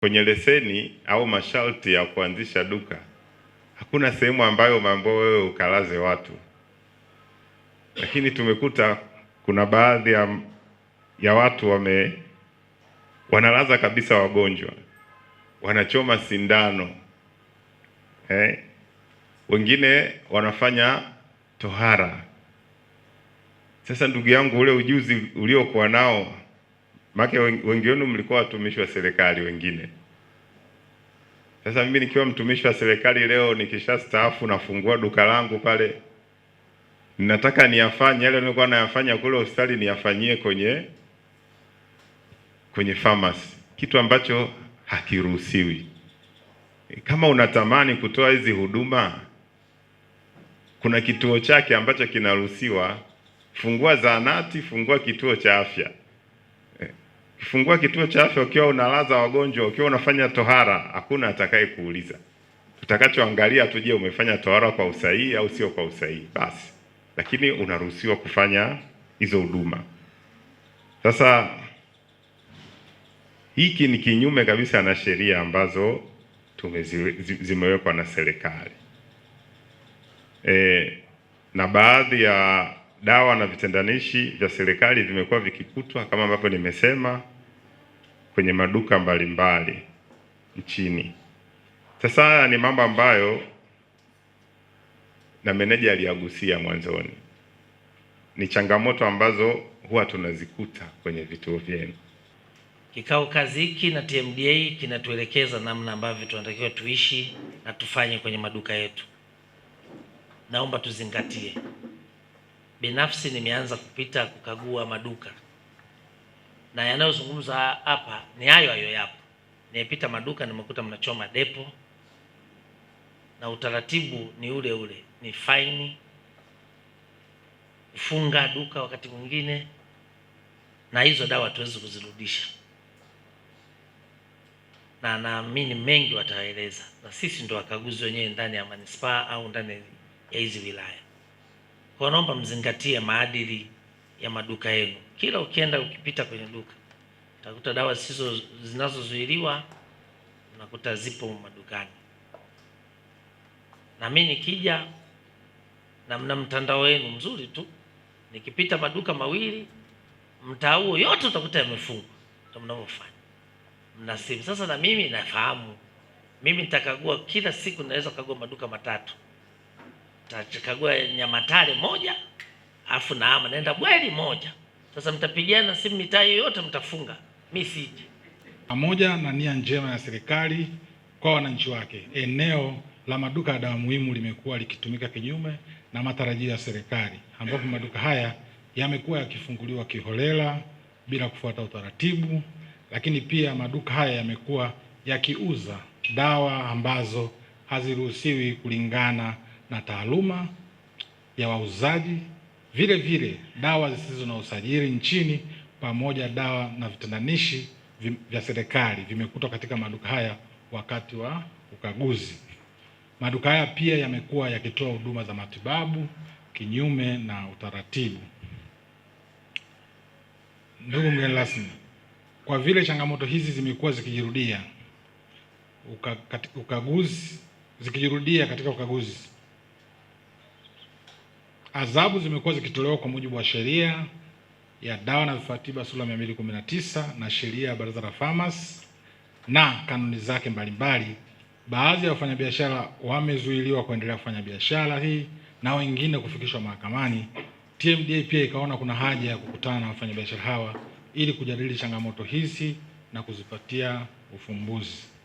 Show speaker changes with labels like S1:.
S1: Kwenye leseni au masharti ya kuanzisha duka hakuna sehemu ambayo mambo wewe ukalaze watu, lakini tumekuta kuna baadhi ya, ya watu wame wanalaza kabisa wagonjwa, wanachoma sindano eh, wengine wanafanya tohara. Sasa ndugu yangu, ule ujuzi uliokuwa nao maana wengi wenu mlikuwa watumishi wa serikali wengine. Sasa mimi nikiwa mtumishi wa serikali leo, nikisha staafu nafungua duka langu pale, ninataka niyafanye yale nilikuwa nayafanya kule hospitali niyafanyie kwenye kwenye pharmacy, kitu ambacho hakiruhusiwi. Kama unatamani kutoa hizi huduma, kuna kituo chake ambacho kinaruhusiwa. Fungua zahanati, fungua kituo cha afya. Ukifungua kituo cha afya ukiwa unalaza wagonjwa, ukiwa unafanya tohara, hakuna atakaye kuuliza. Tutakachoangalia tu, je, umefanya tohara kwa usahihi au sio kwa usahihi? Basi, lakini unaruhusiwa kufanya hizo huduma. Sasa hiki ni kinyume kabisa na sheria ambazo zimewekwa na serikali e, na baadhi ya dawa na vitendanishi vya serikali vimekuwa vikikutwa kama ambavyo nimesema kwenye maduka mbalimbali nchini. Sasa haya ni mambo ambayo na meneja aliyagusia mwanzoni, ni changamoto ambazo huwa tunazikuta kwenye vituo vyenu.
S2: Kikao kazi hiki na TMDA kinatuelekeza namna ambavyo tunatakiwa tuishi na tufanye kwenye maduka yetu. Naomba tuzingatie binafsi nimeanza kupita kukagua maduka na yanayozungumza hapa ni hayo hayo yapo. Nimepita maduka nimekuta mnachoma depo na utaratibu ni ule ule, ni faini, kufunga duka wakati mwingine, na hizo dawa hatuwezi kuzirudisha, na naamini mengi wataeleza, na sisi ndo wakaguzi wenyewe ndani ya manispaa au ndani ya hizi wilaya. Kwa naomba mzingatie maadili ya maduka yenu. Kila ukienda ukipita kwenye duka utakuta dawa zisizo zinazozuiliwa unakuta zipo madukani, na mimi nikija na mna mtandao wenu mzuri tu, nikipita maduka mawili mtaa huo yote utakuta yamefungwa, ndio mnavyofanya mna simu. Sasa na mimi nafahamu, mimi nitakagua kila siku, naweza kagua maduka matatu nachukagua Nyamatare moja afu naama naenda Bweri moja. Sasa mtapigana simu mitaa yoyote mtafunga, mi siji.
S3: Pamoja na nia njema ya serikali kwa wananchi wake, eneo la maduka ya dawa muhimu limekuwa likitumika kinyume na matarajio ya serikali, ambapo maduka haya yamekuwa yakifunguliwa kiholela bila kufuata utaratibu, lakini pia maduka haya yamekuwa yakiuza dawa ambazo haziruhusiwi kulingana na taaluma ya wauzaji, vile vile dawa zisizo na usajili nchini pamoja dawa na vitandanishi vya serikali vimekutwa katika maduka haya wakati wa ukaguzi. Maduka haya pia yamekuwa yakitoa huduma za matibabu kinyume na utaratibu. Ndugu mgeni rasmi, kwa vile changamoto hizi zimekuwa zikijirudia uka, ukaguzi zikijirudia katika ukaguzi Adhabu zimekuwa zikitolewa kwa mujibu wa sheria ya dawa na vifaa tiba sura ya 219 na sheria ya Baraza la Famasi na kanuni zake mbalimbali. Baadhi ya wafanyabiashara wamezuiliwa kuendelea kufanya biashara hii na wengine kufikishwa mahakamani. TMDA pia ikaona kuna haja ya kukutana na wafanyabiashara hawa ili kujadili changamoto hizi na kuzipatia ufumbuzi.